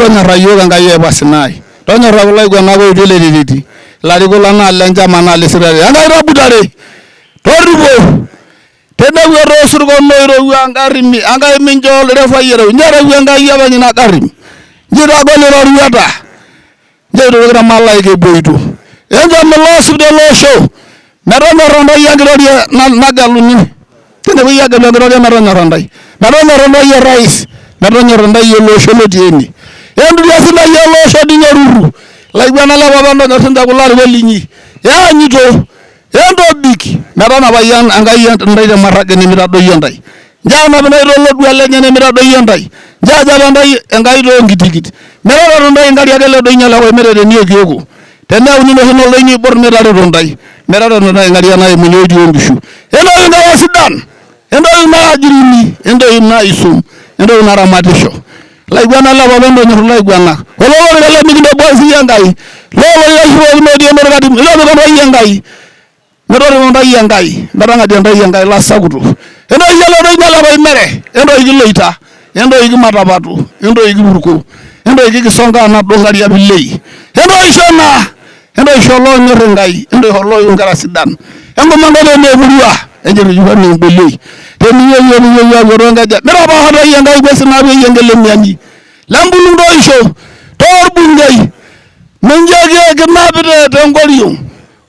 tonyorra yiok Enkai e Sinai tonyorra kulo aiguanak oetuo ele tiriti ilarikok lang' naa lenchamanaa lesirkali Enkai tabutare torripo tenewuata osirkon oirowua ngarrimi Enkai mincho olderefai ereu injo ereu Enkai openy ina garri injo itagol iroruata injo itodoki irmalaika eboito enchom ilosup tele osho metonyorra ntai enkitoria nageluni tenewuei agelu enkitoria metonyorra ntai metonyorra ntai orais metonyorra ntai ele lotii ene entu sidai ele osho dii oruru laiguana le papa ntonyorr sinche kulo arikok linyi yaanyito entobik metanapai Enkai ntae temarrage nemitadoyio ntae nchoo anap lenye nemitadoyio ntae nchoo ajapa Enkai toonkitikit metaretu ntae nkariak ele doinyio le Koimerio tenieki eku teneyauni inoshi oldoinyo oiborr netaretu ntae metaretu ntae nkariak naimunye oitii entoki nara entoki naajiruni entoki naisum entoki naramatisho la nyoro mi yangai lo lo mo laiguanak lapapeni tonyorru laiguanak kulo lorika lemikintoboa siyie Enkai lolorika kirorikino otii emerkati lopikontayie Enkai metotikontayie Enkai metang'adie ntae Enkai lasakutu entoki yiolo toinyiala paimere entoki kiloita entoki kimatapatu entoki kipurko entoki kikisongaa naduo nkariak pilei entoki shona entoki sholoonyorr Enkai entoki sholoonyorr inkera sidan enkomono emurua enyetujuka nimbeliei teniye yeni ye ya goronga ja mero ba hado ye ngai gwesi na be yenge le nyanyi lambulu ndo isho tor bungai menje ge ge ma be de ngol yu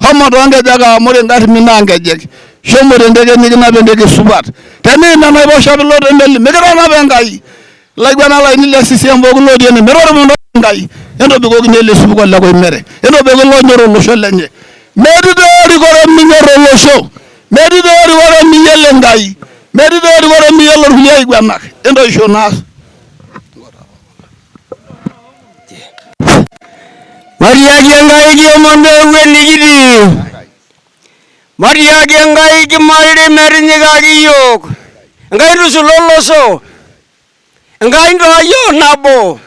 homo do nge daga amore ngat minange je shomore ndege ni na be ndege subat teni na na bo shabe lo de mel me gero na be ngai lay gwana lay ni le sisem bo lo de ne mero mo ndo ngai endo be go ne le subu ko la ko e mere endo be go lo nyoro lo sho lenye medi do ri go re mi nyoro lo sho medi do ri woro mi yele ngai meɗiɗoɗe woto mi yalloto ko yeeyi ɓamnaka ɗenɗo journal mariyaji en gayiji omon ɗo welli jiɗi Maria en gayiji malɗe mereñigaji yook ngaydu so lolloso ngaydo ha yo naɓɓo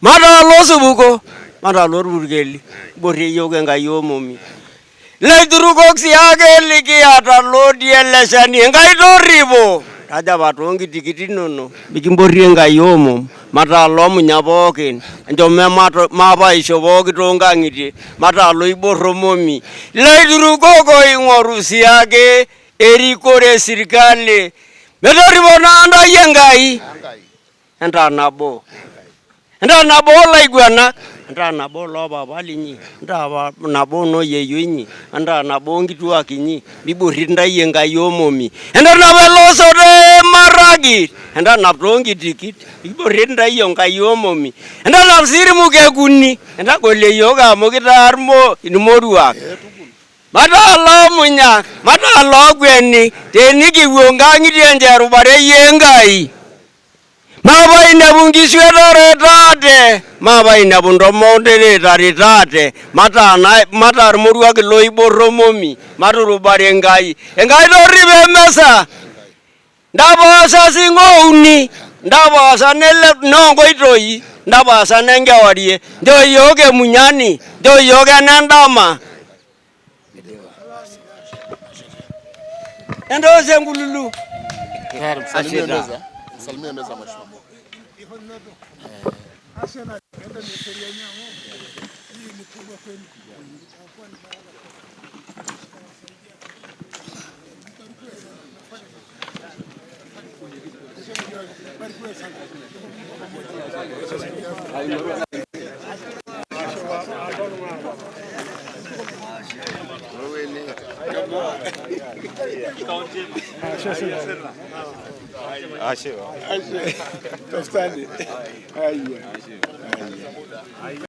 mata loso ɓuko mata lor ɓurgelli ɓoti yoke ngay yomomi Laiturukok siake likiata lodi ele ngai enkai torripo tajapa toonkitikiti inono mikimborrie enkai omom mataa lomunya pookin enchome maapaisho pooki toonkang'itie mataa loiborro momi laiturukok oing'oru siake erikore sirkali metorripo naa ngai enkai nabo entaa nabo olaiguanak ntaa nabo loopapa linyi ntaa nabo noyeyo inyi ntaa nabo onkituak inyi miburri ntayie nkai omomi entaa nabo elosoto emaragit entaa nab toonkitikit miburri ntayie nkai omomi entaa nab sii irmukekuni entaa golie yiok amu kitaa irmoruak mataa loomunyak mataa loogweni tenikiwuo nkang'itie nje rubare yie nkai maavaine vungiswe toretate maavaine vundomoteretaritate matari moruaki loiboromomi maturubari enkai enkai torive mesa ndapaasa singouni ndavasa noonkoitoi ndapaasa nenkewarie nchoo yiook emunyani nchoo yiook enendama endoose enkululu Salimia meza mheshimiwa. Ashewa. Ashewa. Tafadhali. Aiwa.